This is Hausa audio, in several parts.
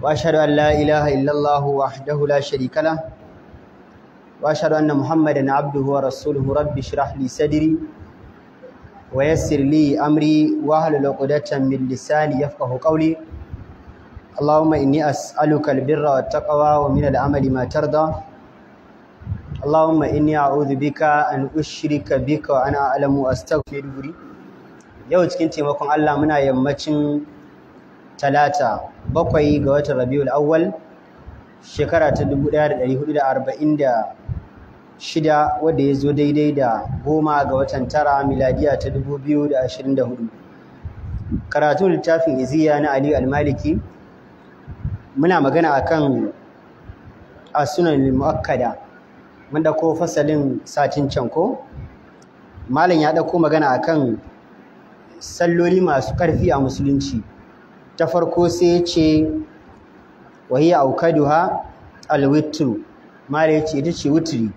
وأشهد أن لا إله إلا الله وحده لا شريك له وأشهد أن محمدا عبده ورسوله رب اشرح لي صدري ويسر لي أمري واهلل عقدة من لساني يفقه قولي اللهم إني أسألك البر والتقوى ومن العمل ما ترضى اللهم إني أعوذ بك أن أشرك بك وأنا أعلم وأستغفر لي yau cikin taimakon Allah muna yammacin talata bakwai ga watan rabiul awwal shekara ta 1446 wadda ya zo daidai da goma ga watan tara miladiya ta 2024 karatun littafin iziya na ali almaliki muna magana akan asunan muakkada mun dauko fasalin satin can ko malam ya dauko magana akan salloli masu ƙarfi a musulunci ta farko sai ce wahiya aukaduha alwitru mala yace ita ce wutri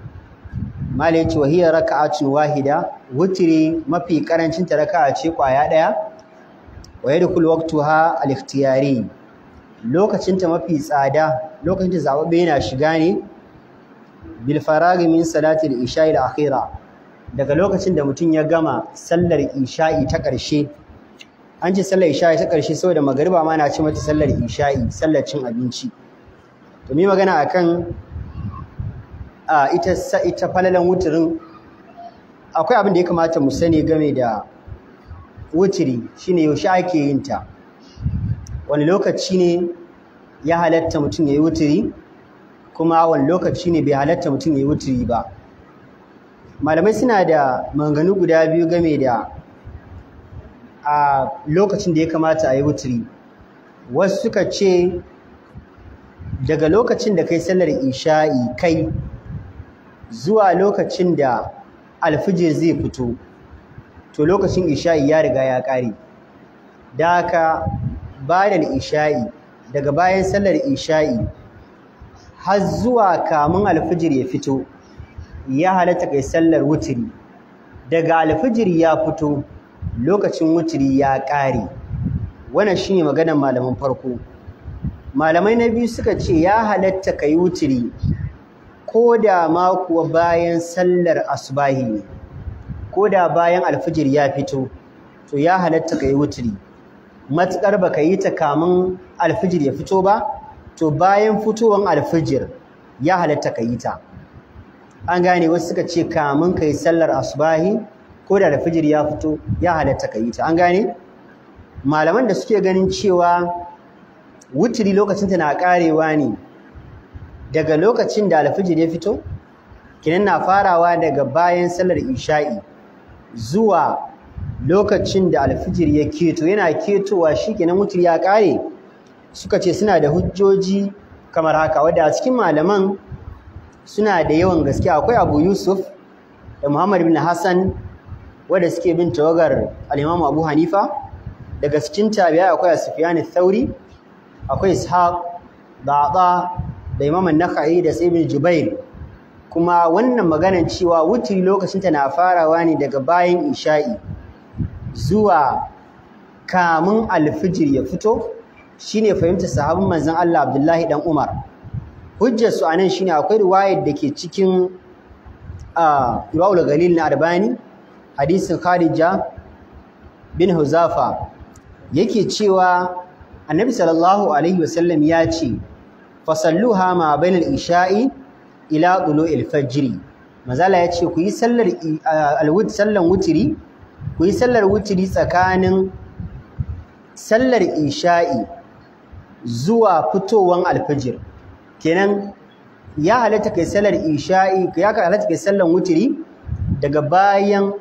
mala yace wahiya raka'atu wahida wutri mafi karancin ta raka'a ce kwaya daya wa yadkhul waqtuha al lokacin ta mafi tsada lokacin ta zababe yana shiga ne bil faragi min salati al-isha'i al-akhira daga lokacin da mutum ya gama sallar isha'i ta ƙarshe an ce sallar isha'i ta ƙarshe saboda magariba ma na ce mata sallar isha'i sallar cin abinci to mi magana akan a ita ita falalan wutirin akwai abin da ya kamata mu sani game da wutiri shine yaushe ake yin ta wani lokaci ne ya halatta mutum ya yi wutiri kuma wani lokaci ne bai halatta mutum ya yi wutiri ba malamai suna da manganu guda biyu game da a lokacin da ya kamata a yi wuturi wasu suka ce daga lokacin da kai sallar isha'i kai zuwa lokacin da alfijir zai fito to lokacin isha'i ya riga ya ƙare da haka bayan isha'i daga bayan sallar isha'i har zuwa kamun alfijir ya fito ya halatta kai sallar wuturi daga alfijir ya fito lokacin wuturi ya ƙare wannan shine maganar malaman farko malamai na biyu suka ce ya halatta ka yi wuturi ko da ma kuwa bayan sallar asubahi ne ko da bayan alfijir ya fito to ya halatta ka yi wuturi matuƙar ba ka yi ta kamun alfijir ya fito ba to bayan fitowar alfijir ya halatta ka yi ta an gane wasu suka ce kamun ka yi sallar asubahi ko da alfijir ya fito ya halatta ka yi ta an gane malaman da suke ganin cewa wutiri lokacin ta na karewa ne daga lokacin da alfijir ya fito kinan na farawa daga bayan sallar isha'i zuwa lokacin da alfijir ya keto yana ketowa shikenan wutiri ya kare suka ce suna da hujjoji kamar haka wadda a cikin malaman suna da yawan gaske akwai Abu Yusuf da Muhammad bin Hassan wadda suke bin tawagar Alimamu Abu Hanifa daga cikin tabiya akwai a al-Thauri akwai Ishaq da da imaman na da tsibin Jubair kuma wannan maganar cewa wuturi lokacin ta na farawa ne daga bayan isha'i zuwa kamun alfijir ya fito shine fahimtar sahabin manzan Allah Abdullahi dan Umar a su shi ne akwai riwayar da ke cikin ah, Iwa'ul Galil na Arbani hadisin Khadija bin Huzafa yake cewa Annabi sallallahu alaihi wasallam ya ce fasalluha ma bainal isha'i ila tulu'il fajr mazala ya ce ku yi sallar alwud sallan wutri ku yi sallar wutri tsakanin sallar isha'i zuwa fitowan alfajir kenan ya halatta kai sallar isha'i ya halatta kai sallan wutiri daga bayan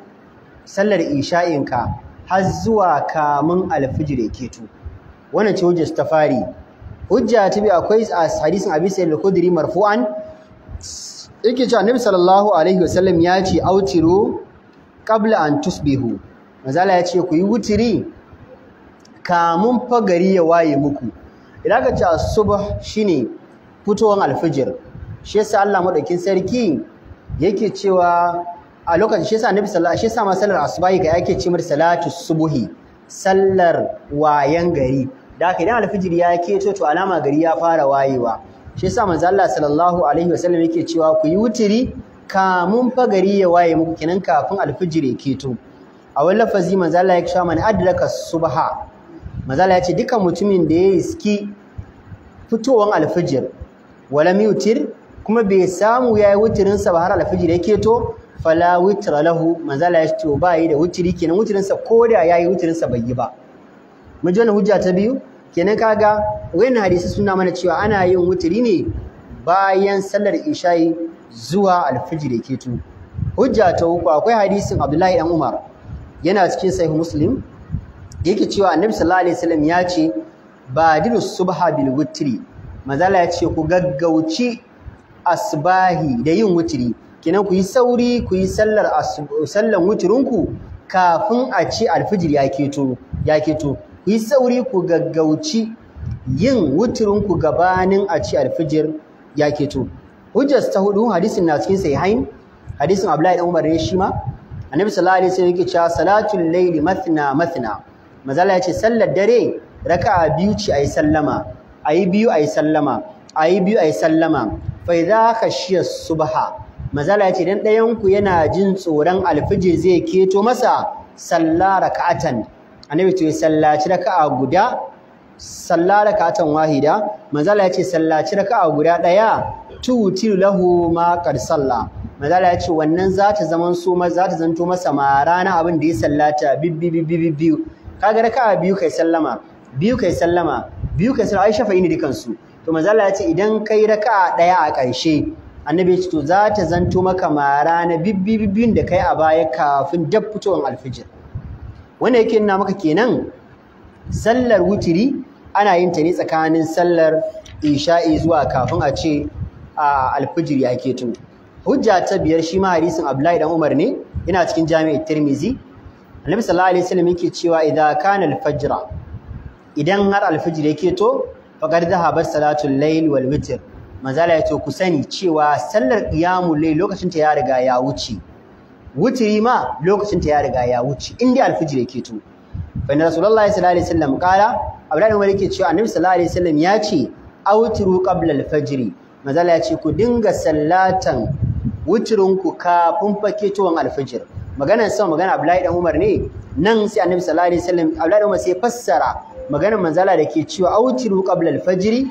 sallar isha'inka har zuwa kamun alfijir ya keto wannan ce hujjar ta fari hujja ta bi akwai a hadisin abi sayyid al marfu'an yake cewa annabi sallallahu alaihi wasallam ya ce autiru qabla an tusbihu mazala ya ce ku yi wutiri kamun fagari ya waye muku idan ka ce subh shine fitowar alfijir shi yasa Allah madaukin sarki yake cewa a lokacin shi yasa annabi sallallahu shi yasa ma sallar asubahi yake ce salatu subuhi sallar wayan gari da haka idan alfijiri ya ke to alama gari ya fara wayewa shi yasa manzo Allah sallallahu alaihi wasallam yake cewa ku yi wutiri kamun fa gari ya waye muku kenan kafin alfijiri ya keto a wani lafazi manzo Allah ya cewa man adraka subha manzo Allah ya ce dukan mutumin da ya iski fitowan alfijir wala yutir kuma bai samu yayi yi sa ba har alfijir ya to fala witra lahu manzala ya ce ba yi da wutiri kenan wutirinsa ko da ya yi wutirinsa bai yi ba mun ji wannan hujja ta biyu kenan kaga wayan hadisi suna mana cewa ana yin wutiri ne bayan sallar isha'i zuwa alfijir ke tu hujja ta uku akwai hadisin abdullahi dan umar yana cikin sahih muslim yake cewa annabi sallallahu alaihi wasallam ya ce badiru subha bil wutri manzala ya ce ku gaggauci asbahi da yin wutiri kenan ku yi sauri ku yi sallar wuturinku kafin a ci alfijir ya keto ya keto ku yi sauri ku gaggauci yin wutirinku gabanin a ci alfijir ya keto hujjar ta hudu hadisin na cikin hain hadisin Abdullahi dan Umar ne shi ma annabi sallallahu alaihi wasallam yake cewa salatul layli mathna mathna mazalla yace sallar dare raka'a biyu ce ayi sallama ayi biyu ayi sallama ayi biyu ayi sallama fa idza khashiya subha mazala ya ce dan ɗayan ku yana jin tsoron alfijir zai keto masa salla raka'atan annabi ce sallaci raka'a guda salla raka'atan wahida mazala ya ce sallaci raka'a guda ɗaya tutil lahu ma qad salla mazala ya ce wannan za ta zaman so za ta zanto masa ma rana abin da ya sallata bibbi bibbi bibbi kaga raka'a biyu kai sallama biyu kai sallama biyu kai sallama fa shafa'i ne dukansu to mazala ya ce idan kai raka'a ɗaya a ƙarshe annabi ya ce to za ta zanto maka mara na bibbi da kai a baya kafin dab fitowar alfijir wanda yake nuna maka kenan sallar wutiri ana yin ta ne tsakanin sallar isha'i zuwa kafin a ce a alfijir ya ke hujja ta biyar shi ma hadisin Abdullahi dan Umar ne yana cikin jami'ar Tirmizi Annabi sallallahu alaihi wasallam yake cewa idza kana idan har alfijir ya yake to faqad dhahaba salatul layl wal witr manzala ya ce ku sani cewa sallar iyamu lai lokacin ta ya riga ya wuce wutiri ma lokacin ta ya riga ya wuce inda alfijir yake to fa inna rasulullahi sallallahu alaihi wasallam qala abdullahi umar yake cewa annabi sallallahu alaihi wasallam ya ce awtiru qabla alfajr manzala ya ce ku dinga sallatan wutirinku kafin faketowar alfijir maganar sama magana Abdullahi dan Umar ne nan sai Annabi sallallahu alaihi wasallam Abdullahi Umar sai fassara maganar manzala da ke cewa autiru qabla al-fajr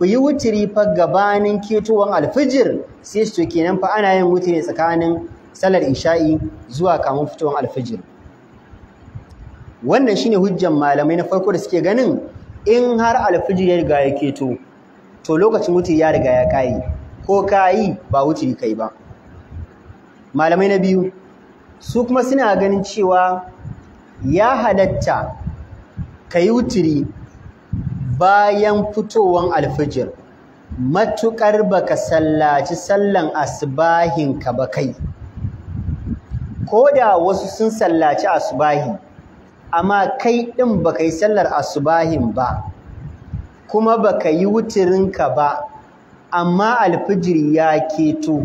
ku yi wutiri fa gabanin ketowar alfijir sai su kenan fa ana yin wutiri tsakanin salar isha'i zuwa kamun fitowar alfijir wannan shine hujjan malamai na farko da suke ganin in har alfijir ya riga ya keto to lokacin wutiri ya riga ya kayi, ko kayi ba wutiri kai ba malamai na biyu su kuma suna ganin cewa ya halatta ka yi wutiri bayan fitowan alfijir matuƙar baka sallaci sallan asubahinka ba kai ko da wasu sun sallaci asubahi amma kai ɗin baka yi sallar asubahin ba kuma baka yi wutirinka ba amma alfijir ya keto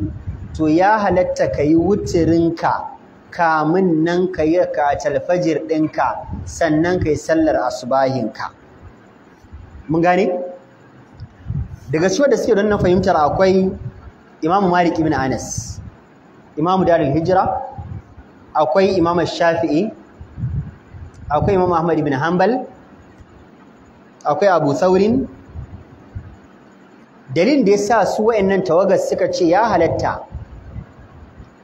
to ya halatta ka yi wuturinka kamun nan ka yi ka talfajir ɗinka sannan ka yi sallar asubahinka mun gane daga ciwon da suke don na fahimtar akwai imamu malik ibn anas imamu darul hijira akwai imamu shafi'i akwai imamu ahmad ibn hanbal akwai abu saurin dalilin da ya sa su wa'annan tawagar suka ce ya halatta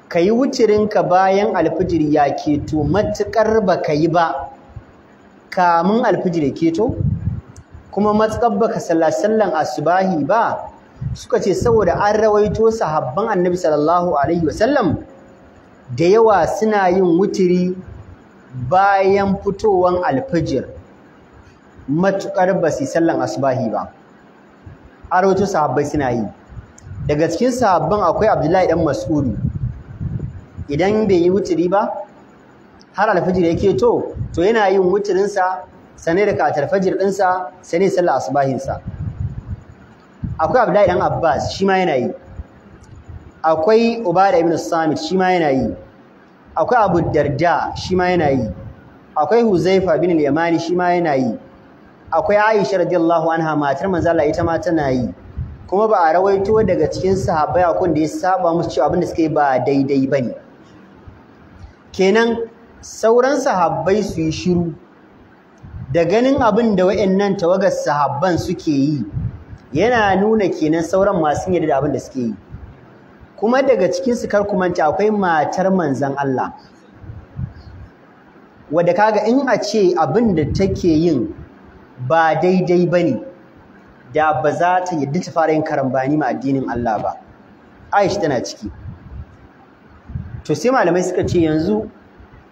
ka yi wucirinka bayan alfijir ya keto matuƙar ba ka yi ba kamun alfijir ya keto kuma matsar baka sallan asubahi ba suka ce saboda an rawaito sahabban annabi sallallahu alaihi wasallam da yawa suna yin wuturi bayan fitowar alfijir matuƙar ba su sallan asubahi ba an rawaito sahabbai suna yi daga cikin sahabban akwai abdullahi dan mas'udu idan bai yi wuturi ba har alfijir yake to to yana yin wuturinsa sane da katar fajir ɗinsa sane sallah asubahinsa akwai abdullahi dan abbas shi ma yana yi akwai ubada ibn samit shi ma yana yi akwai abu darda shi ma yana yi akwai huzaifa bin yamani shi ma yana yi akwai aisha radiyallahu anha matar manzo Allah ita ma tana yi kuma ba a rawaito daga cikin sahabbai da ya saba musu cewa abin da suka ba daidai bane kenan sauran sahabbai su yi shiru da ganin abin da wa'annan tawagar sahabban suke yi yana nuna kenan sauran masu yarda da abin da suke yi kuma daga cikin su kar kumanta akwai matar manzon Allah wadda kaga in a ce abin da take yin ba daidai bane da ba za ta yadda ta fara yin karambani ma addinin Allah ba Aisha tana ciki to sai malamai suka ce yanzu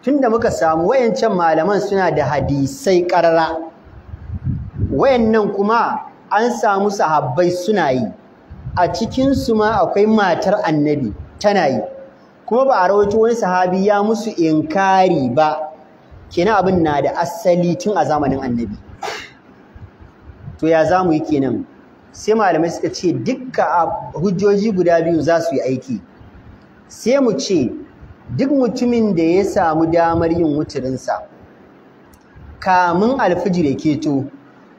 Tun da muka samu wayancan malaman suna da hadisai karara wayannan kuma an samu sahabbai suna yi a cikin su ma akwai matar annabi tana yi kuma ba a rawaito wani sahabi ya musu inkari ba kenan abin na da asali tun a zamanin annabi to ya zamu yi kenan sai malamai suka ce dukka hujjoji guda biyu za su yi aiki sai mu ce duk mutumin da ya samu damar yin wuturinsa kamun alfijir ya keto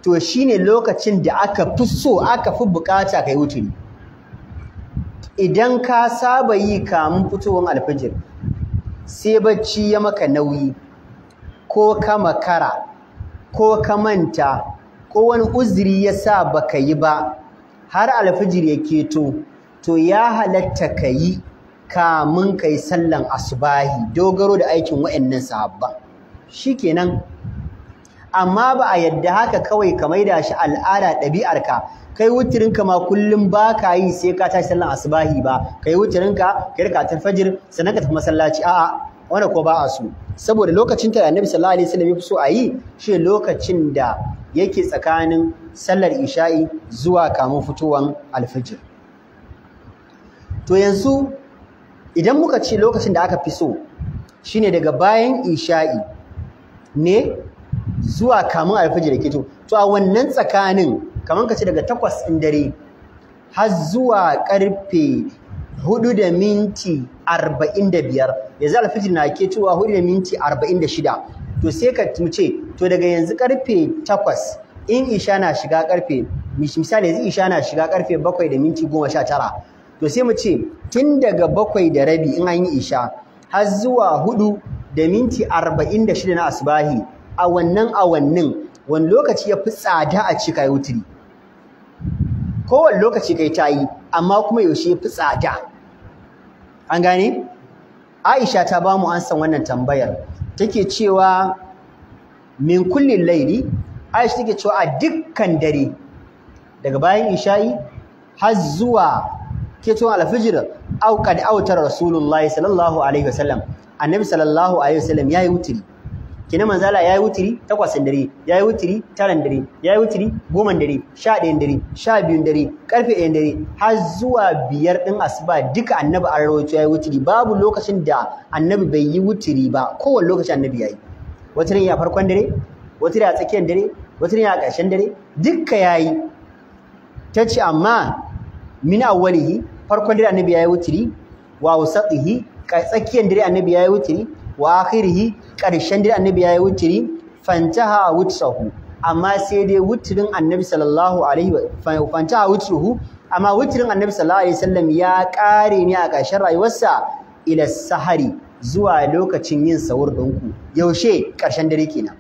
to shine lokacin da aka fi so aka fi bukata kai wuturi idan ka saba yi kamun fitowar alfijir sai bacci ya maka nauyi ko ka makara ko ka manta ko wani uzuri ya sa baka yi ba har alfijir ya keto to ya halatta ka yi kamun kai sallan asubahi dogaro da aikin wa'annan sahabban shikenan amma ba a yadda haka kawai ka maida shi al'ada ɗabi'arka kai wutirinka ma kullum ba ka yi sai ka tashi sallan asubahi ba kai wutirinka kai da ta fajir sannan ka tafi masallaci a'a wanda ko ba a so saboda lokacin da annabi sallallahu alaihi wasallam so a yi shi lokacin da yake tsakanin sallar isha'i zuwa kamun fitowan alfajir to yanzu idan muka ce lokacin da aka fi so shine daga bayan isha'i ne zuwa kamun alfajir ke to to a wannan tsakanin kamar ka ce daga takwas ɗin dare har zuwa karfe hudu da minti arba'in da biyar yanzu alfajir na ke cewa hudu da minti arba'in da shida to sai ka tuce to daga yanzu karfe takwas in isha na shiga karfe misali yanzu isha na shiga karfe bakwai da minti goma sha tara to sai mu ce tun daga bakwai da rabi in an yi isha har zuwa hudu da minti arba'in da shida na asbahi a wannan awannin wani lokaci ya fi tsada a cika kayi wuturi kowane lokaci kai ta yi amma kuma yaushe ya fi tsada an gane aisha ta bamu an san wannan tambayar take cewa min kullin laili aisha take cewa a dukkan dare daga bayan isha'i har zuwa ke cewa alfijir au qad autar rasulullahi sallallahu alaihi wasallam annabi sallallahu alaihi wasallam yayi wutiri kina manzala yayi wutiri takwasin dare yi wuturi taran dare Ya yi wuturi goman dare sha ɗayan dare sha biyun dare Ƙarfe ɗayan dare har zuwa biyar ɗin asuba duka annabi an ya yi wuturi. babu lokacin da annabi bai yi wuturi ba kowane lokacin annabi yayi wata ne a farkon dare wata ne a tsakiyar dare wata ne a ƙarshen dare duka ya yi ta ce amma min awwalihi farkon dare annabi yayi wutiri wa wasatihi tsakiyar dare annabi yayi wutiri wa akhirihi karshen dare annabi yayi wutiri fantaha wutsahu amma sai dai wutirin annabi sallallahu alaihi wa fantaha wutsuhu amma wutirin annabi sallallahu alaihi wasallam ya kare ne a ƙarshen rayuwarsa ila sahari zuwa lokacin yin sahur ɗinku yaushe ƙarshen dare kenan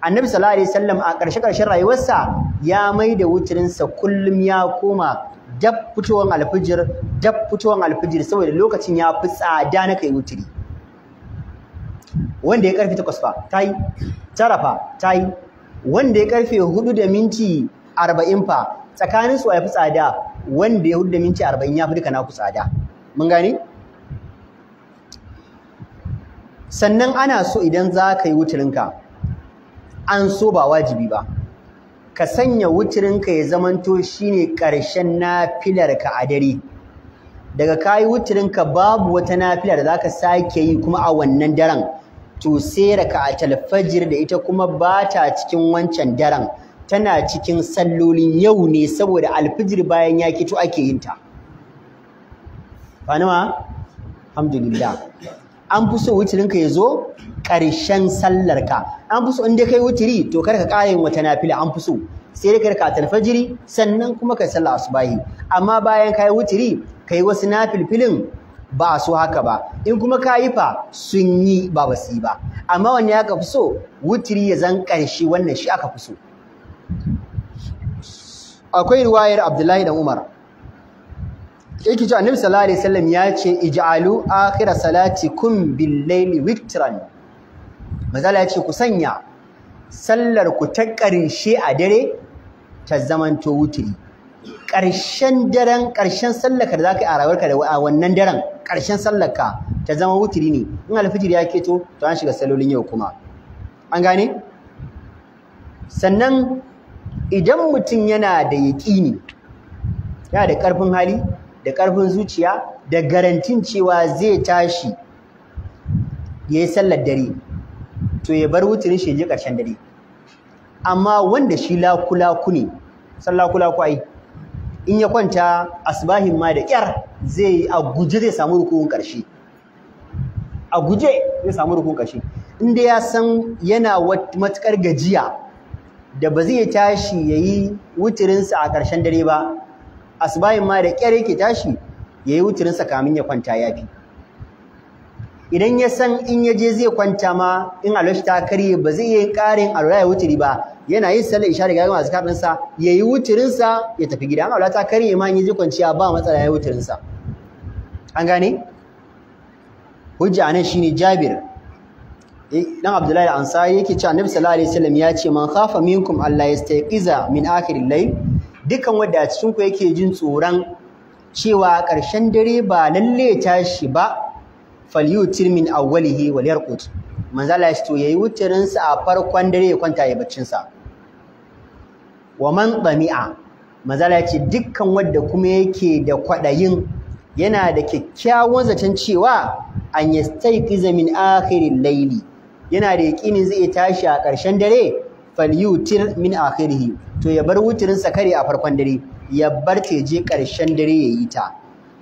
annabi sallallahu alaihi wasallam a ƙarshe ƙarshen rayuwarsa ya mai da wutirinsa kullum ya koma dab fitowar alfijir dab fitowar alfijir saboda lokacin ya fi tsada na kai wuturi wanda ya karfe takwas fa ta yi tara fa ta yi wanda ya karfe hudu da minti arba'in fa tsakanin su ya fi tsada wanda ya hudu da minti arba'in ya fi duka naku tsada mun gane sannan ana so idan za ka yi wuturinka an so ba wajibi ba ka sanya wutirinka ya zamanto shine ƙarshen nafilarka a dare daga kayi wutirinka babu wata nafila da ka sake yi kuma a wannan daren to sai a talfajir da ita kuma ba ta cikin wancan daren tana cikin sallolin yau ne saboda alfijir bayan ya kito ake yin ta alhamdulillah an fi so wutirinka ya zo ƙarshen ka, an fi so in dai kai wutiri to kar ka ƙara yin wata nafila an fi so sai dai ka ta fajiri sannan kuma kai sallah asubahi amma bayan kai wutiri kai wasu nafilfilin ba su haka ba in kuma ka yi fa sun yi ba basi ba amma wanne aka fi so wutiri ya zan ƙarshe wannan shi aka fi so akwai riwayar Abdullahi dan Umar yake ji annabi sallallahu alaihi wasallam ya ce ij'alu akhir salatikum bil-laili witran mazala ya ce ku sanya sallar ku ta ƙarshe a dare ta zamanto wuturi ƙarshen daren ƙarshen sallarka da za ka yi a rayuwarka da wannan daren ƙarshen sallarka ta zama wuturi ne in alfijir ya keto to an shiga salolin yau kuma an gane sannan idan mutum yana da yaƙini yana da ƙarfin hali da ƙarfin zuciya da garantin cewa zai tashi ya yi sallar dare to ya bar wutirin shi ya je ƙarshen dare amma wanda shi laku-laku ne san laku-laku ai in ya kwanta asbahin ma da ƙyar zai a guje zai samu rukun ƙarshe a guje zai samu rukun ƙarshe inda ya san yana matuƙar gajiya da ba zai tashi ya yi wutirinsa a ƙarshen dare ba asbahin ma da ƙyar yake tashi ya yi wutirinsa kamin ya kwanta ya fi idan ya san in ya je zai kwanta ma in alwashi ta karye ba zai yi ƙarin alwala ya wuturi ba yana yin sallar isha daga masu karin sa ya yi wuturin ya tafi gida amma alwala ta karye ma in ya je kwanciya ba matsala ya wuturin sa an gane hujja anan shine Jabir eh, dan Abdullahi al-Ansari yake cewa Annabi sallallahu alaihi wasallam ya ce man khafa minkum Allah yastayqiza min akhiril layl dukan wanda a cikin ku yake jin tsoron cewa ƙarshen dare ba lalle tashi ba falyutir min awwalihi wal yarqut manzo Allah ya to yayi wutirin sa a farkon dare ya kwanta ya baccin sa wa man dami'a manzo Allah ya ce dukkan wanda kuma yake da kwadayin yana da kyakkyawan zaton cewa an yastayqiza min akhiril layli yana da yakinin zai tashi a ƙarshen dare falyutir min akhirihi to ya bar wutirin sa kare a farkon dare ya bar teje ƙarshen dare yayi ta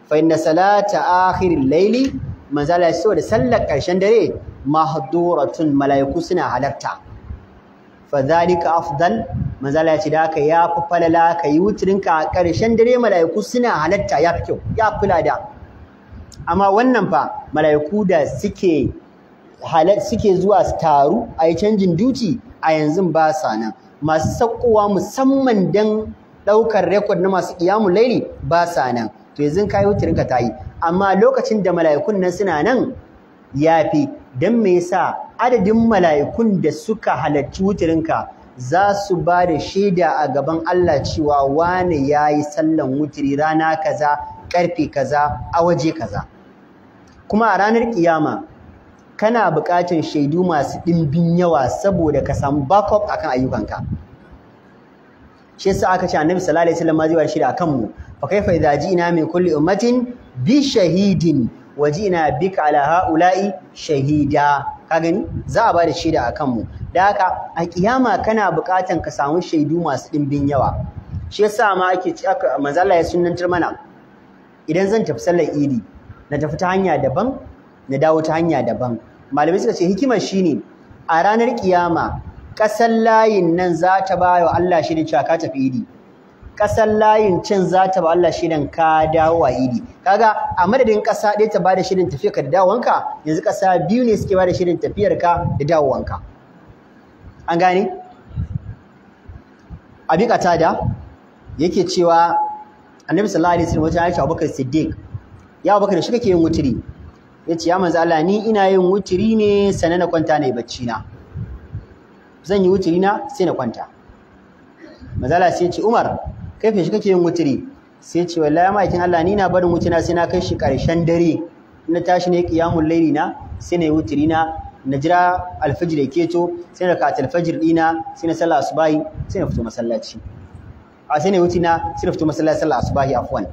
fa inna salata akhiril layli manzala so da sallar ƙarshen dare mahduratun mala'iku suna halarta fa zalika afdal manzala ya ce da aka ya falala ka yi wutirinka a ƙarshen dare mala'iku suna halarta ya fi kyau ya lada amma wannan fa mala'iku da suke zuwa su taru a yi canjin duti a yanzu ba sa nan masu saukowa musamman don ɗaukar rekod na masu ƙiyamun laili ba sa nan to yanzu ka yi wutirinka ta yi amma lokacin da mala'ikun nan suna nan ya fi, dan mai sa adadin mala'ikun da suka halarci wutirinka za su ba da shaida a gaban Allah cewa Wani ya yi sallan wutiri rana kaza ƙarfe kaza a waje kaza kuma a ranar ƙiyama kana buƙatar shaidu masu ɗimbin yawa saboda ka samu backup akan ayyukanka shi yasa aka ce annabi sallallahu alaihi wasallam ma zai ba shaida akan mu fa kaifa idza ji'na min kulli ummatin bi shahidin wajina bika ala haula'i shahida ka gani za a ba da shaida a kanmu da haka a kiyama kana bukatan ka samu shaidu masu ɗimbin yawa shi yasa ma ake manzo Allah ya sunantar mana idan zan tafi sallar idi na tafi ta hanya daban na dawo ta hanya daban malamai suka ce hikimar shine a ranar kiyama ƙasan layin nan za ta ba wa Allah shi ne cewa ka tafi idi ƙasar layin cin za ta ba Allah shirin ka dawo a idi kaga a madadin ƙasa ɗaya ta bada shirin tafiyar ka da dawowanka yanzu ƙasa biyu ne suke bada shirin tafiyar ka da dawowanka an gane abi da yake cewa annabi sallallahu alaihi wasallam wata ce abubakar siddiq ya abubakar shi kake yin wuturi yace ya manzo Allah ni ina yin wuturi ne sanan na kwanta ne bacci na zan yi wuturi na sai na kwanta Mazala sai ce Umar kai shi kake yin wuturi, sai ce wallahi ma'aikin Allah ni na barin wutina sai na kai shi karshen dare na tashi ne qiyamul layli na sai na yi wuturi na na jira alfajir yake keto sai na ka alfajir dina sai na sallah asubahi sai na fito masallaci a sai na yi wuce na sai na fito masallaci sallah asubahi afwan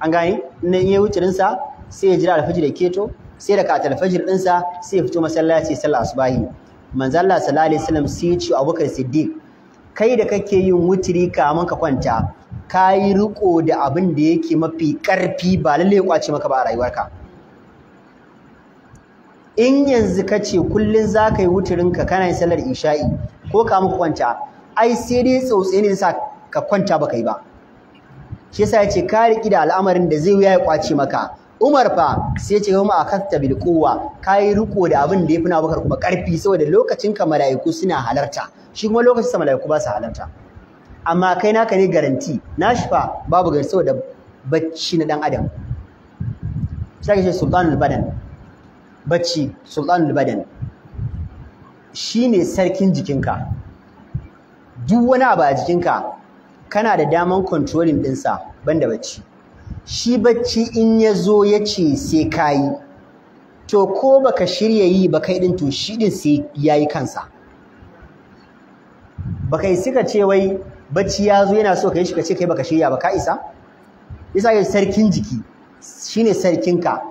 an gani in yi wuturin sa sai ya jira alfajir yake keto sai da ka alfajir din sa sai ya fito masallaci sallah asubahi manzo Allah sallallahu alaihi wasallam sai ya ce Abubakar Siddiq kai da kake yin wuturi ka ka kwanta ka yi riko da abin da yake mafi ƙarfi ba lalle ya kwace maka ba a rayuwarka in yanzu ka ce kullum za ka yi ka kana yin sallar isha'i ko ka ka kwanta ai sai dai tsautsaye ne sa ka kwanta ba kai ba shi yasa ya ce ka riƙi da al'amarin da zai wuya ya kwace maka Umar fa sai ya ce kuma akatta bil quwwa kai riko da abin da yafi na bakar kuma karfi saboda lokacin ka malaiku suna halarta shi kuma lokacin sa malaiku ba su halarta amma kai naka ne garanti nashi fa babu gari saboda bacci na dan adam sai ga ce sultanul badan bacci sultanul badan shine sarkin jikinka duk wani abu a jikinka kana da daman controlling ɗinsa banda bacci shi bacci in ya zo ya ce sai ka yi to ko baka shirya yi ba kai ɗin to shi ɗin sai ya yi kansa baka yi suka ce wai bacci ya zo yana so ka yi shi ka ce kai baka shirya ba ka isa isa ya sarkin jiki shine sarkinka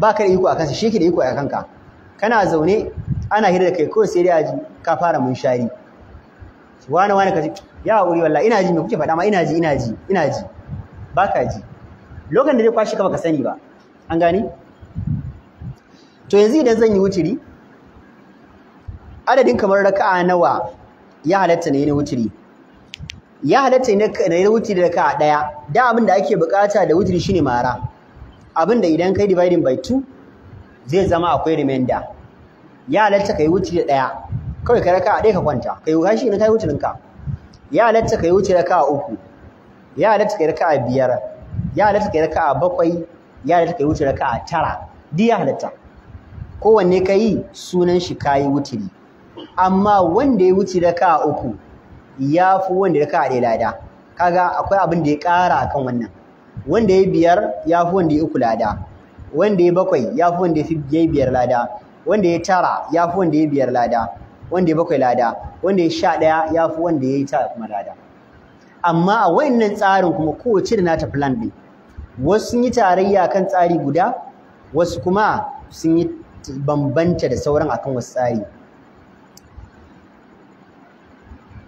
ba ka da iko a kansa shi ke da iko a kanka kana zaune ana hira da kai ko sai dai aji ka fara munshari wani wani ka ji ya wuri wallahi ina ji me kuke faɗa ma ina ji ina ji ina ji ba ka ji lokacin da zai kwashi ka baka sani ba an gane to yanzu idan zan yi wuturi adadin kamar raka'a nawa ya halatta na yi na wuturi ya halatta na yi wuturi raka'a ɗaya da abin da ake bukata da wuturi shine mara abin da idan kai dividing by 2 zai zama akwai remainder ya halatta ka yi wuturi ɗaya kawai ka raka'a ɗaya ka kwanta ka yi kashi na kai wuturinka ya halatta ka yi wuturi raka'a uku ya halatta ka yi raka'a biyar ya halatta kai raka'a bakwai ya halatta kai wuce raka'a tara duk ya halatta kowanne ka yi sunan shi ka yi wuturi amma wanda ya wuce raka'a uku ya fi wanda raka'a ɗaya lada kaga akwai abin da ya ƙara akan wannan wanda ya biyar ya fi wanda ya uku lada wanda ya bakwai ya fi wanda ya biyar lada wanda ya tara ya fi wanda ya biyar lada wanda ya bakwai lada wanda ya sha ɗaya ya fi wanda ya yi tara kuma lada amma a wayannan tsarin kuma kowace da nata plan ɗin wasu sun yi tarayya kan tsari guda wasu kuma sun yi bambanta da sauran akan wasu tsari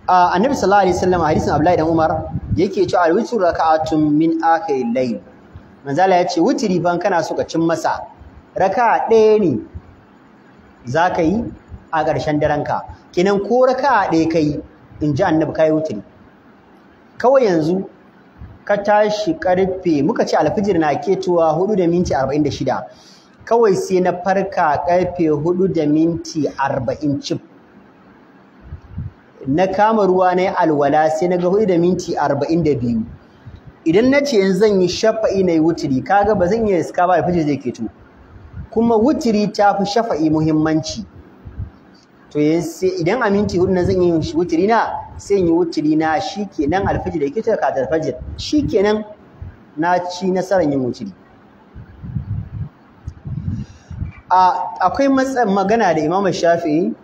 a annabi sallallahu alaihi wasallam hadisin abdullahi dan umar yake cewa alwitru raka'atun min al layl manzala ya ce wutiri ban kana so ka cin masa raka ɗaya ne za ka yi a ƙarshen darenka kenan ko raka'a ɗaya kai in ji annabi kai yi wutiri kawai yanzu ka tashi karfe muka ce alfijir na ketuwa 4 da minti 46 kawai sai na farka karfe 4 da minti 40 cif na kama ruwa na yi alwala sai na ga 4 da minti 42 idan na ce yanzu zan yi shafa'i na yi wuturi kaga ba zan iya iska ba alfijir zai keto kuma wuturi ta fi shafa'i muhimmanci to yanzu idan a minti hudu na zan yi wuturi na sai yi wuturi na shikenan alfajir da kitar Shi alfajir shikenan na ci nasarar yin wuturi akwai magana da Imam Shafi'i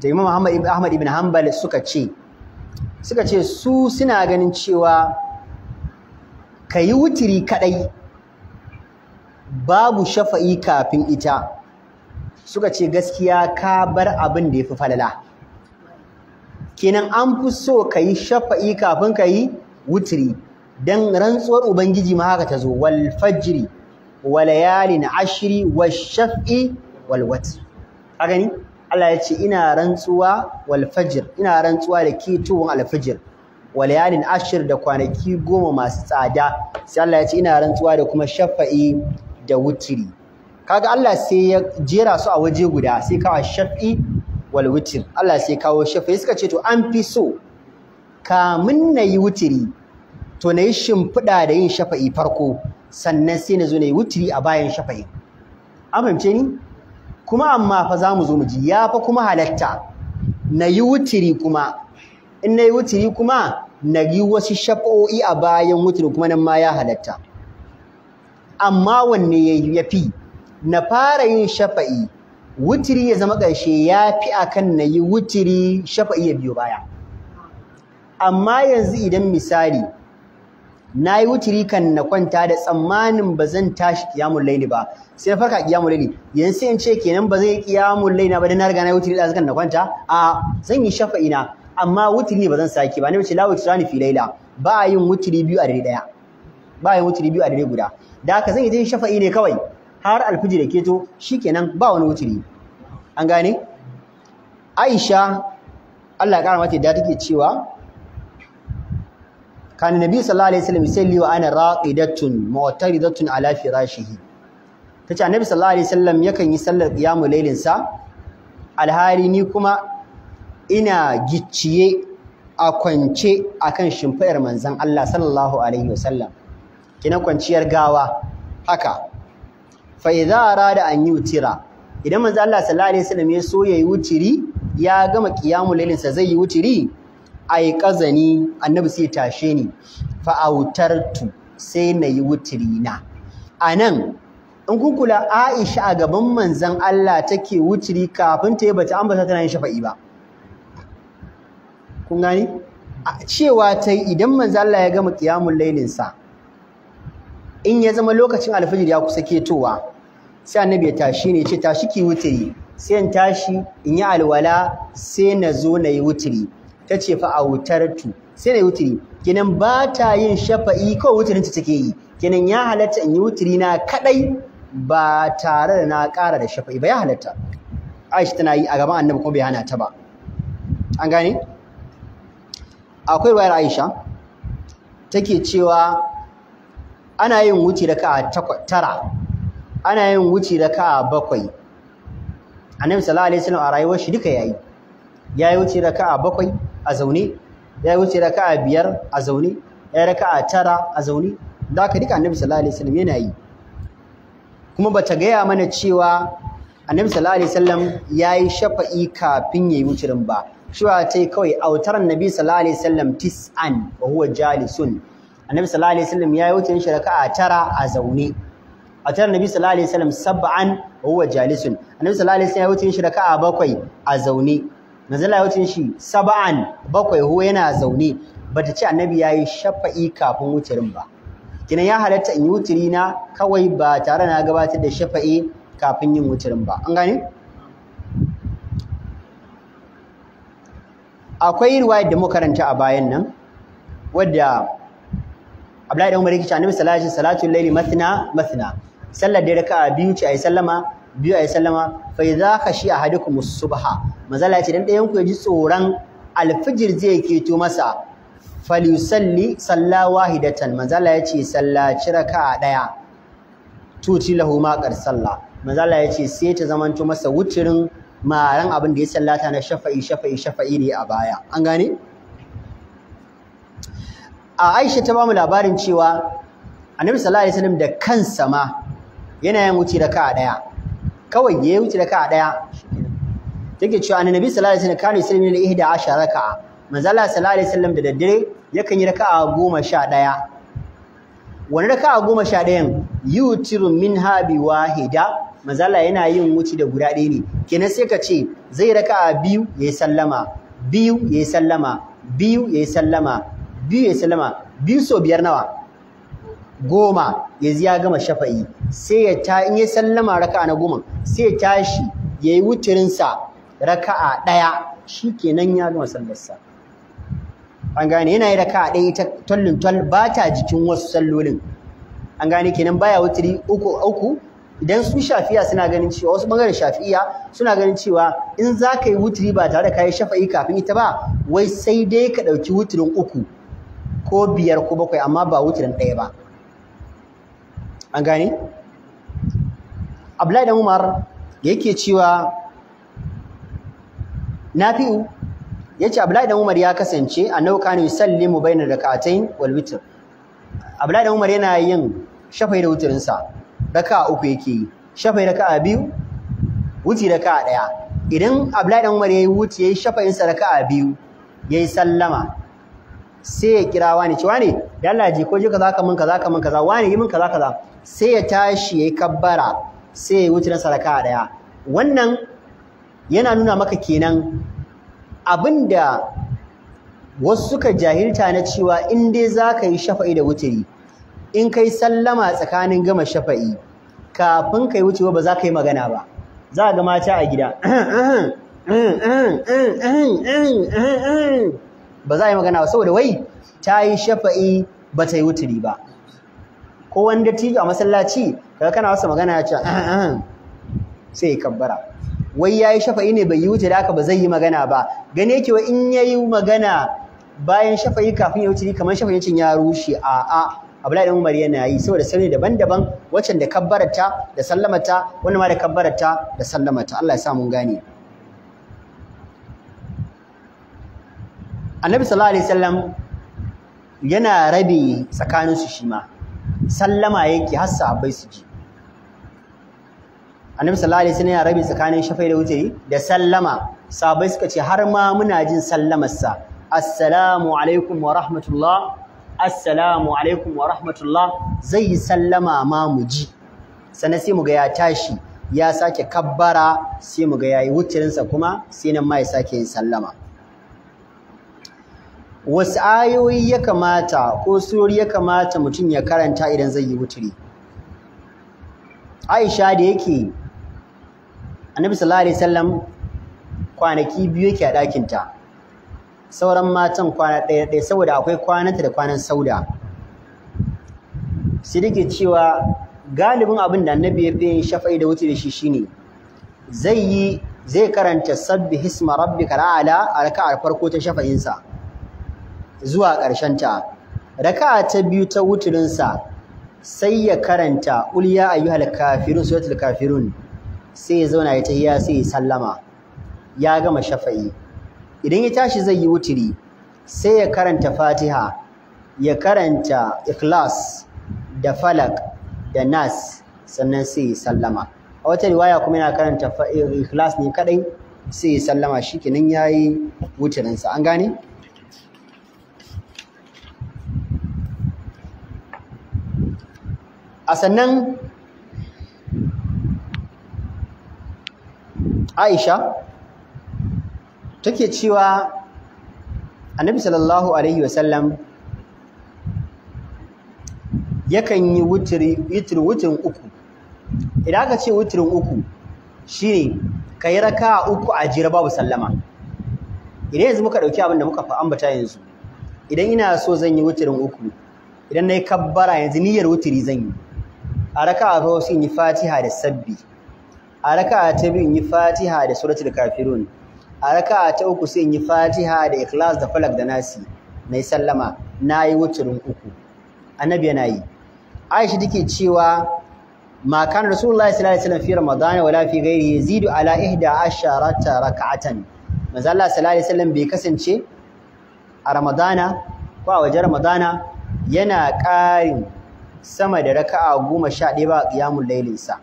da Imam Ahmad ibn Hanbal suka ce suka ce su suna ganin cewa ka yi wutiri kaɗai babu shafa'i kafin ita suka ce gaskiya ka bar abin da ya fi falala kenan an fi so ka yi shafa'i kafin ka yi wutiri Don rantsuwar ubangiji ma haka ta zo wal fajri wa shafi wal a gani Allah ya ce ina rantsuwa wal ina rantsuwa da kitowar al fajr wa na ashir da kwanaki goma masu tsada sai Allah ya ce ina rantsuwa da kuma shafa'i da wutiri kaga Allah sai ya jera su a waje guda sai kawai shafi wal Allah sai kawo shafa'i suka ce to an fi so kamin na yi wutiri to na yi shimfiɗa da yin shafa'i farko sannan sai na zo na yi wutiri a bayan shafa'i an fahimce ni kuma amma fa za mu zo mu ji ya fa kuma halatta na yi wutiri kuma in na yi wutiri kuma na yi wasu shafa'o'i a bayan wutiri kuma nan ma ya halatta amma wanne ya fi na fara yin shafa'i wutiri ya zama ƙarshe ya fi akan na yi wutiri shafa'i ya biyo baya amma yanzu idan misali na yi wutiri kan na kwanta da tsammanin ba zan tashi kiyamun laili ba sai na farka kiyamun laili yanzu sai in ce kenan ba zai ƙiyamun kiyamun laili ba dan na riga na yi wutiri da zakan na kwanta a zan yi shafa'i na amma wutiri ba zan sake ba ne mace la wutirani fi laila ba yin wutiri biyu a dare daya ba yin wutiri biyu a dare guda da haka zan yi shafa'i ne kawai har alfiji da keto shikenan ba wani wuturi an gane Aisha Allah ya kara mata da take cewa kan nabi sallallahu alaihi wasallam sai liwa ana raqidatun mu'taridatun ala firashihi tace annabi sallallahu alaihi wasallam yakan yi sallar qiyamul lailin sa alhari ni kuma ina gicciye a kwance akan shimfayar manzon Allah sallallahu alaihi wasallam kina kwanciyar gawa haka fa idza arada an yutira idan manzo Allah sallallahu alaihi wasallam ya so yayi wuciri ya gama qiyamul lailin sa zai yi wuciri ai kazani annabi sai tashe ni fa autartu sai na yi wutiri na anan in kun kula Aisha a gaban manzon Allah take wuciri kafin ta yi bata ambata tana yin shafa'i ba kun gani cewa ta idan manzo Allah ya gama qiyamul lailin sa in ya zama lokacin alfajir ya kusa ketowa sai annabi ya tashi ne ya ce tashi ki wutiri sai in tashi in yi alwala sai na zo na yi wutiri ta ce fa a wutar tu, sai na yi wuturi kenan ba ta yin shafa'i kawai wuturin ta take yi kenan ya halatta in yi wuturi na kadai ba tare da na ƙara da shafa'i ba ya halatta Aisha tana yi a gaban annabi kuma bai hana ta ba an gane akwai wayar Aisha take cewa ana yin wuce da raka'a tara ana yin wuce da raka'a bakwai annabi sallallahu alaihi wasallam a rayuwar shi duka yayi yayi wuce da raka'a bakwai a zaune yayi wuce da raka'a biyar a zaune yayi raka'a tara a zaune da haka duka annabi sallallahu alaihi wasallam yana yi kuma bata gaya mana cewa annabi sallallahu alaihi wasallam yayi shafa'i kafin yayi wucin ba shi ba ta kawai autar annabi sallallahu alaihi wasallam tis'an wa huwa jalisun annabi sallallahu alaihi wasallam ya yi wucin shi tara a zaune a tara annabi sallallahu alaihi wasallam sab'an huwa jalisun annabi sallallahu alaihi wasallam ya wucin shi raka'a bakwai a zaune manzala ya wucin shi sab'an bakwai huwa yana zaune bata ce annabi ya yi shafa'i kafin wucirin ba kinan ya halatta in yi wutiri na kawai ba tare na gabatar da shafa'i kafin yin wucirin ba an gane akwai riwayar da muka karanta a bayan nan wadda Abdullahi dan Umar yake Annabi sallallahu alaihi wasallam salatul layli mathna mathna sallar da raka'a biyu ci ayi sallama biyu ayi sallama fa idza khashi ahadukum subha mazalla yace dan dayan ku ya ji tsoron alfijir zai keto masa falyusalli salla wahidatan mazalla yace ci raka'a daya tuti lahu ma qar salla mazalla yace sai ta zamanto masa wuturin maran abin da ya sallata na shafa'i shafa'i shafa'i ne a baya an gane a Aisha ta bamu labarin cewa Annabi sallallahu alaihi wasallam da kansa ma yana yin wuce raka'a daya kawai ya yi wuce raka'a daya take cewa Annabi sallallahu alaihi wasallam kana yusalli min ihda asha raka. manzo Allah sallallahu alaihi wasallam da daddare yakan yi raka'a goma sha daya wani raka'a goma sha dayan yutiru minha bi wahida manzo Allah yana yin wuce da guda ɗaya ne kenan sai ka ce zai raka'a biyu yayi sallama biyu yayi sallama biyu yayi sallama biyu ya sallama biyu so biyar nawa goma ya ya gama shafa'i sai ya ta in ya sallama raka'a na goma sai ya tashi ya yi wuturinsa raka'a ɗaya shi kenan ya gama sallarsa an gane yana yi raka'a ɗaya ita tallin tall ba ta jikin wasu sallolin an gane kenan baya wuturi uku uku idan su shafiya suna ganin cewa wasu bangaren shafiya suna ganin cewa in za ka yi wuturi ba tare da ka yi shafa'i kafin ita ba wai sai dai ka ɗauki wuturin uku ko biyar ko bakwai amma ba wutirin ɗaya ba an gane abdullahi dan umar yake cewa na Ya ce abdullahi dan umar ya kasance a annahu kana yusallimu bayna da wal witr abdullahi dan umar yana yin shafai da wutirin sa raka'a uku yake yi shafai a biyu wuti a ɗaya. idan abdullahi dan umar ya yi wuti ya yayi shafain sa a biyu ya yi sallama sai ya kira wani cewa wani ya laji ko ji kaza ka mun kaza ka mun kaza wani yi mun kaza kaza sai ya tashi ya yi kabbara sai ya wuce na saraka daya wannan yana nuna maka kenan abinda wasu suka jahilta na cewa in dai za ka yi shafa'i da wuturi in ka yi sallama tsakanin gama shafa'i kafin ka yi wucewa ba za ka yi magana ba za ga mata a gida ba za a yi magana ba saboda wai ta yi shafa'i ba ta yi wuturi ba ko wanda tijo a masallaci kaga kana wasa magana ya ce sai ya kabbara wai ya yi shafa'i ne bai yi wuturi haka ba zai yi magana ba gane yake wa in ya yi magana bayan shafa'i kafin ya wuturi kamar cin ya rushe a'a Abdullahi Umar yana yi saboda sirri daban-daban waccan da kabbarata da sallamata wannan ma da kabbarata da sallamata Allah ya sa mun gane annabi sallallahu alaihi wasallam yana rabe tsakanin su shi ma sallama yake har sahabbai su ji annabi sallallahu alaihi wasallam yana rabe tsakanin shafai da wuce da sallama sahabbai suka ce har ma muna jin sallamar sa assalamu alaikum wa rahmatullah assalamu alaikum wa rahmatullah zai sallama ma mu ji sannan sai mu ga ya tashi ya sake kabbara sai mu ga yayi sa kuma sai nan ma ya sake yin sallama wasu ayoyi ya kamata ko surori ya kamata mutum ya karanta idan zai yi wuturi Aisha da yake Annabi sallallahu alaihi wasallam kwanaki biyu yake a ɗakin ta sauran matan kwana ɗaya ɗaya saboda akwai kwananta da kwanan sauda sai dake cewa galibin abin da Annabi ya fi shafa'i da wuturi shi shine zai yi zai karanta sabbi hisma rabbika ala a raka'ar farko ta shafa'insa zuwa ƙarshen ta raka'a ta biyu ta wuturinsa sai ya karanta ul ya ayyuhal kafirun suratul kafirun sai ya zauna ya tahiya sai ya sallama ya gama shafa'i idan ya tashi zai yi wuturi sai ya karanta fatiha ya karanta ikhlas da falak da nas sannan sai ya sallama a wata riwaya kuma yana karanta ikhlas ne kadai sai ya sallama shikenan yayi wuturinsa an gane a sannan aisha take cewa annabi sallallahu alaihi wasallam yakan yi wutiri wutin uku idan aka ce wutirin uku shine ka yi raka uku a jira babu sallama idan yanzu muka ɗauki abin muka fa ambata yanzu idan ina so zan yi wutirin uku idan na yi kabbara yanzu niyyar wutiri zan yi a raka'a farko yi fatiha da sabbi a raka'a ta biyu yi fatiha da suratul kafirun a raka'a ta uku sai yi fatiha da ikhlas da falak da nasi yi sallama nayi wuturin uku annabi yana yi Aisha take cewa ma kan Rasulullahi sallallahu alaihi wasallam fi Ramadan wala fi ghairihi yazidu ala asharata raka'atan manzo Allah sallallahu alaihi wasallam bai kasance a Ramadana ko a wajen Ramadana yana ƙarin sama da raka'a goma sha ɗaya ba a ƙiyamun lailinsa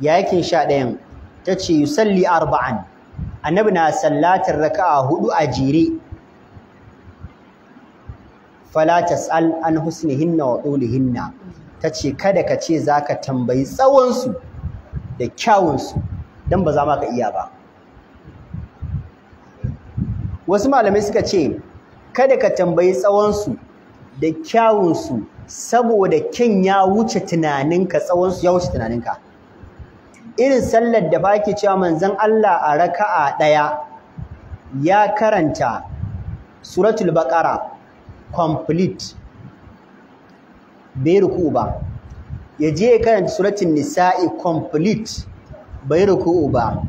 ya yakin sha ɗayan ta ce yusalli arba'an annabi na sallatar raka'a huɗu a jere Falatas, tas'al an husnihinna wa tulihinna ta ce kada ka ce za ka tambayi tsawonsu da kyawunsu don ba za ma ka iya ba wasu malamai suka ce kada ka tambayi tsawonsu da kyawunsu saboda kyan ya wuce tunaninka tsawon ya wuce tunaninka irin sallar da baki cewa manzon Allah a raka'a daya ya karanta suratul baqara complete bai ruku ba ya je ya karanta suratul nisa'i complete bai ruku ba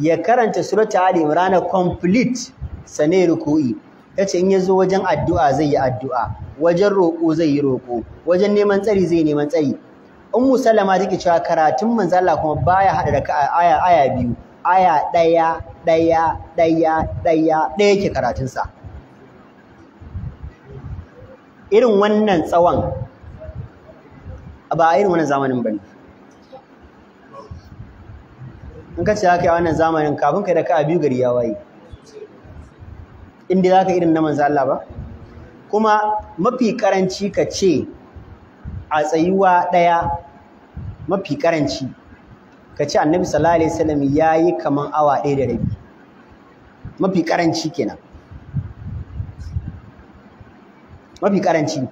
ya karanta suratul ali imran complete sane ruku'i yace in yazo wajen addu'a zai yi addu'a wajen roƙo zai yi roƙo wajen neman tsari zai neman tsari ummu sallama take cewa karatun manzo Allah kuma baya hada da aya aya biyu aya ɗaya ɗaya ɗaya ɗaya ɗaya yake sa. irin wannan tsawon ba a irin wannan zamanin ba ne in ka ce za ka yi wannan zamanin kafin kai da ka biyu gari ya waye in dai za ka irin na manzo Allah ba kuma mafi karanci ka ce a tsayuwa ɗaya mafi karanci ka ce annabi sallallahu alaihi wasallam ya yi kaman awa ɗaya da rabi mafi karanci kenan mafi karanci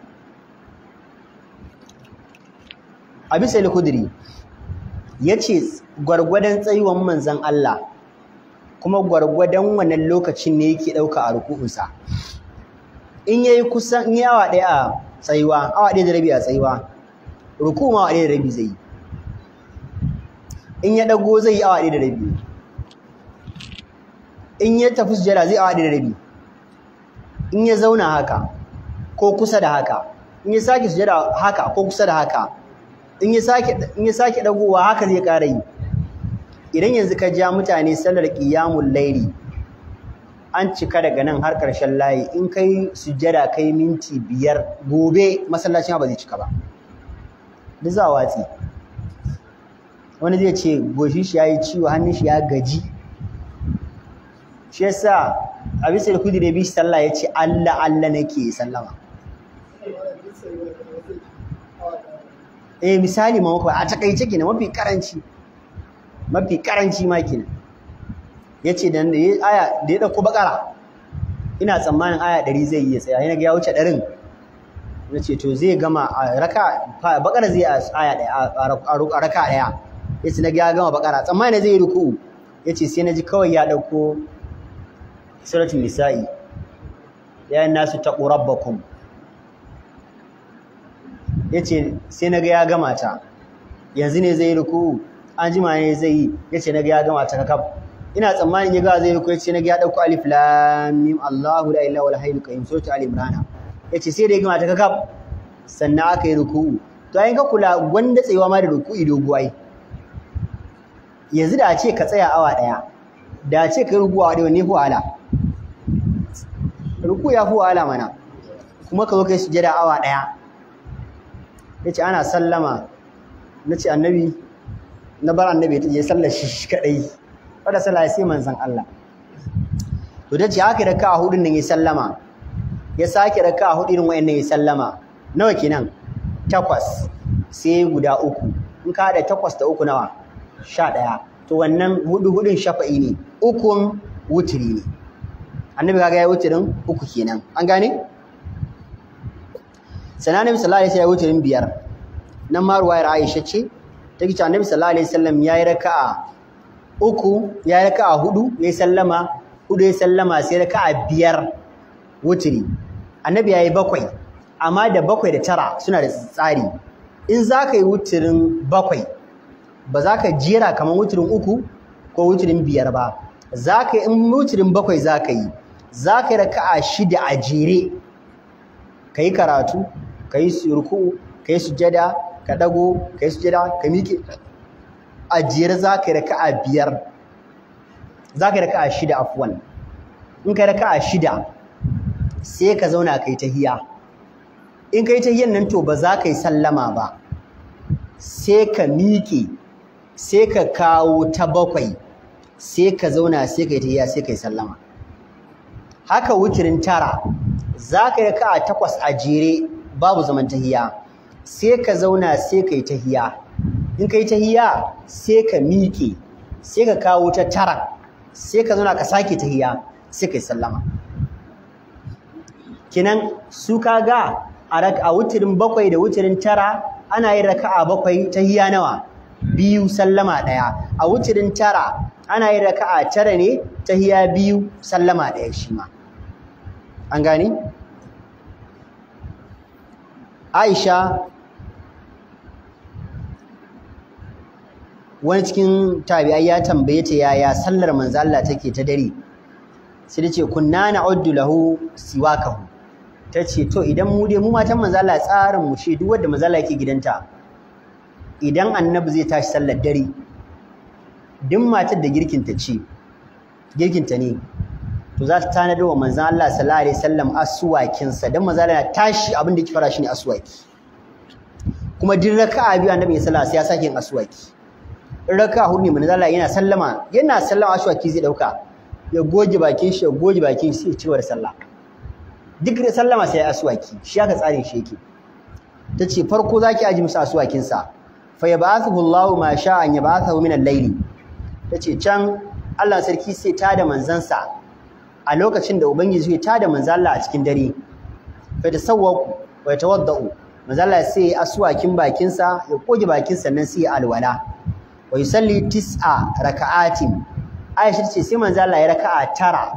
a bisa al-khudri ya ce gwargwadon tsayuwan manzon Allah kuma gwargwadon wannan lokacin ne yake ɗauka a ruku'unsa. in yayi kusan in yi awa ɗaya a tsayuwa awa ɗaya da rabi a tsayuwa ruku ma awa ɗaya da rabi zai yi in ya ɗago zai yi awa ɗaya da rabi in ya tafi sujada zai awa ɗaya da rabi in ya zauna haka ko kusa da haka in ya sake sujada haka ko kusa da haka in ya sake in ya sake dagowa haka zai ƙara yi idan yanzu ka ja mutane sallar qiyamul layli an cika daga nan har ƙarshen layi in kai sujjada kai minti biyar gobe masallacin ba zai cika ba duk za watsi wani zai ce goshin shi ya yi ciwo hannun shi ya gaji shi yasa a bisa da kudi da bi sallah ya ce Allah Allah nake sallama eh misali ma a takaice kenan mafi karanci mafi karanci ma kenan ya ce da aya da ya ɗauko baƙara, ina tsammanin aya ɗari zai yi ya tsaya yana ya wuce ɗarin na ce to zai gama a raka Baƙara zai aya ɗaya a raka ɗaya ya ce na ya gama baƙara, tsammanin zai yi ruku'u ya ce sai na ji kawai ya ɗauko suratul nisa'i ya yi nasu taɓo rabbakum ya ce sai na ga ya gama ta yanzu ne zai yi ruku'u an jima ne zai yi ya ce na ga ya gama ta kakaf ina tsammanin ya ga zai yi kwace na ga ya dauko alif lam mim Allahu la ilaha illa hayyul qayyum sura ali imrana yace sai da ya gama ta kaka sannan aka yi ruku'u to ayin ka kula gwanda tsayawa ma da ruku'i doguwai yanzu da a ce ka tsaya awa daya da a ce ka ruku'u awa daya ne ko ala ruku'u ya fi ala mana kuma ka zo kai sujada awa daya yace ana sallama nace annabi na bar annabi ya sallar shi kadai wanda sallah sai manzon Allah to da ce haka raka'a hudun nan ya sallama ya sake raka'a hudun irin wayannan ya sallama nawa kenan takwas sai guda uku in ka haɗa takwas da uku nawa sha ɗaya to wannan hudu hudun shafa'i ne ukun wuturi ne annabi kaga ya wuturin uku kenan an gane sannan annabi sallallahu alaihi wasallam ya wuturin biyar nan ma ruwayar Aisha ce take cewa annabi sallallahu alaihi wasallam yayi raka'a uku ya yi raka'a hudu ya yi sallama hudu ya sallama sai raka'a biyar wuturi annabi ya yi bakwai amma da bakwai da tara suna da tsari in za ka yi wuturin bakwai ba za ka jera kamar wuturin uku ko wuturin biyar ba za ka yi in wuturin bakwai za ka yi za ka yi raka'a shida a jere ka yi karatu ka yi surku ka yi sujada ka ɗago ka yi sujada ka miƙe Ajiyar za ka yi raka'a biyar za ka yi raka'a shida afwan in ka yi raka'a shida sai ka zauna ka yi tahiya in ka yi tahiyan nan to ba za ka yi sallama ba sai ka miƙe sai ka kawo ta bakwai sai ka zauna sai ka yi tahiya sai ka yi sallama haka wutirin tara za ka yi raka'a takwas a jere babu zaman tahiya sai ka zauna sai ka yi tahiya in kai hiya sai ka miƙe sai ka kawo ta tara sai ka zauna ka sake tahiya sai kai sallama kinan su ka ga a raka'a bakwai da wutirin tara ana yin raka'a bakwai tahiya nawa biyu sallama ɗaya a wutirin tara ana yin raka'a tara ne tahiya biyu sallama ɗaya shi ma an gani? Aisha wani cikin tabi'ai ya tambaye ta yaya sallar manzo Allah take ta dare sai ta ce kunna na'uddu lahu siwakahu ta ce to idan mu dai mu matan manzo Allah tsarin mu shi duk wanda manzo Allah yake gidanta idan annabi zai tashi sallar dare duk matar da girkin ta ce girkin ta ne to za ta tanada wa manzo Allah sallallahu alaihi wasallam aswakin sa dan manzo Allah tashi abin da yake fara shi ne aswaki kuma duk raka'a biyu annabi sallallahu alaihi wasallam ya sake yin aswaki raka hudu ne manzo yana sallama yana sallama ki zai dauka ya goge bakin shi ya goge bakin shi sai ya ci da sallah duk da sallama sai aswaki shi aka tsarin shi yake tace farko zaki aji musu aswakin sa fa yab'athu Allahu ma sha'a an yab'athu min al-layl tace can Allah sarki sai ta da manzansa a lokacin da ubangiji zai ta da manzo Allah a cikin dare fa tasawwaqu wa tawadda'u manzo Allah sai aswakin bakin sa ya goge bakin sannan sai ya alwala wa yusalli tis'a raka'atin Aisha ce sai manzo Allah ya raka'a tara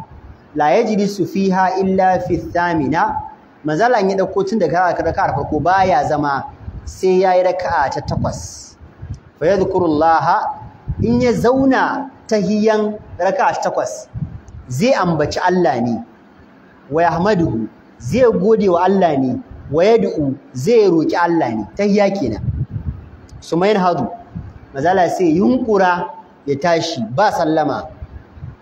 la yajlisu fiha illa fi thamina manzo Allah ya dauko tun daga raka'a farko baya zama sai yayi raka'a ta takwas fa yadhkurullaha in ya zauna tahiyan raka'a ta takwas zai ambaci Allah ne wa yahmaduhu zai gode wa Allah ne wa yad'u zai roki Allah ne tahiya kenan sumayin hadu mazala sai yunkura ya tashi ba sallama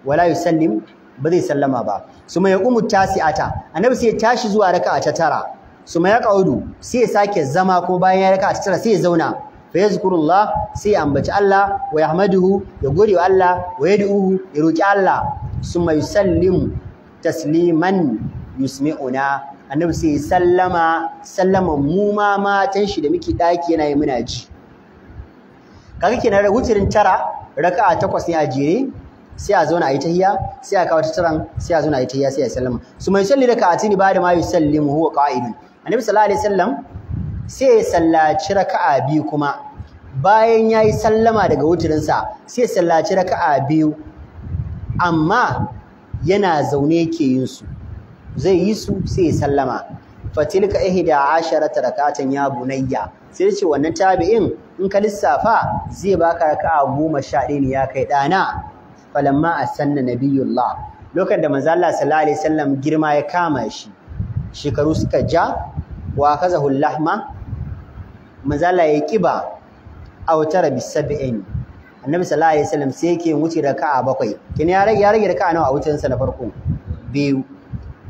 wala yusallim ba zai sallama ba suma yaqumu tasi'ata annabi sai ya tashi zuwa raka'a ta tara suma ya qaudu sai ya sake zama ko bayan ya raka'a ta tara sai ya zauna fa yazkurullah sai ya ambaci Allah wa yahmaduhu ya gode wa Allah wa yad'uhu ya roki Allah suma yusallim tasliman yusmi'una annabi sai ya sallama sallama mu ma matan shi da muke daki yana yi muna ji kaga kenan wucirin tara raka'a takwas ne a jere sai a zauna a yi tahiyya sai a kawo tattaran sai a zauna a yi tahiyya sai a sallama su mai salli tini ba da ma yi mu huwa qa'idun annabi sallallahu alaihi wasallam sai ya sallaci raka'a biyu kuma bayan ya yi sallama daga sa sai ya sallaci raka'a biyu amma yana zaune yake yin su zai yi su sai ya sallama fatilka ihda asharata rak'atan ya bunayya sai ce wannan tabi'in in ka lissafa zai baka raka'a goma sha ɗaya ne ya kai ɗana falamma asanna nabiyullah lokacin da manzo Allah sallallahu alaihi wasallam girma ya kama shi shekaru suka ja wa kazahul lahma manzo Allah ya kiba autara sab'in annabi sallallahu alaihi wasallam sai yake wuce raka'a bakwai kin ya rage ya rage raka'a nawa a wucin sa na farko biyu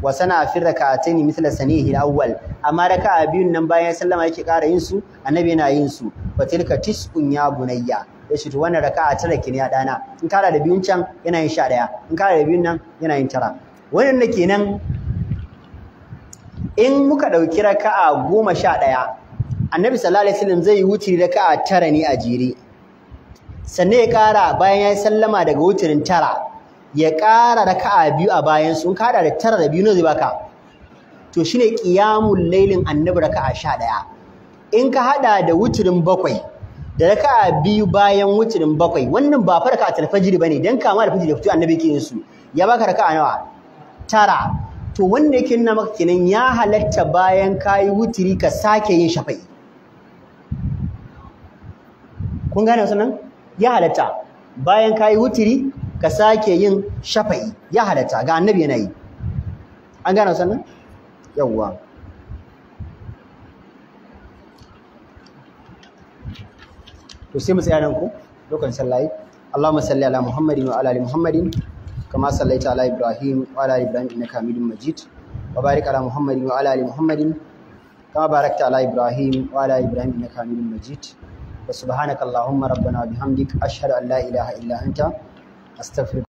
wa sana fi raka'ataini mithla sanihi al-awwal amma raka'a biyun nan bayan sallama yake ƙara yin su annabi yana yin su wa tilka tis'un ya bunayya yace to wannan raka'a tara kin ya dana in kara da biyun can yana yin 11 in kara da biyun nan yana yin tara wannan ne kenan in muka dauki raka'a 11 annabi sallallahu alaihi wasallam zai wuce raka'a tara ne a jere sannan ya ƙara bayan ya sallama daga wutirin tara ya ƙara raka'a biyu a bayan sun kada da tara da biyu ne zai baka to shine qiyamul lailin annabi raka'a sha in ka hada da wutirin bakwai da raka'a biyu bayan wutirin bakwai wannan ba farka a talfajiri bane dan kama da fajiri fito annabi yake yin su ya baka raka'a nawa tara to wanda yake nuna maka kenan ya halatta bayan kayi wutiri ka sake yin shafa'i kun gane wasu nan ya halatta bayan kayi wutiri ka sake yin shafa'i ya halatta ga annabi yana yi an gane sannan yawwa to sai mu tsaya nan ko lokacin sallahi Allahumma salli ala Muhammadin wa ala ali Muhammadin kama sallaita ala Ibrahim wa ala ali Ibrahim innaka Hamidum Majid wa barik ala Muhammadin wa ala ali Muhammadin kama barakta ala Ibrahim wa ala ali Ibrahim innaka Hamidum Majid wa subhanaka Allahumma rabbana wa bihamdik ashhadu an la ilaha أستغفر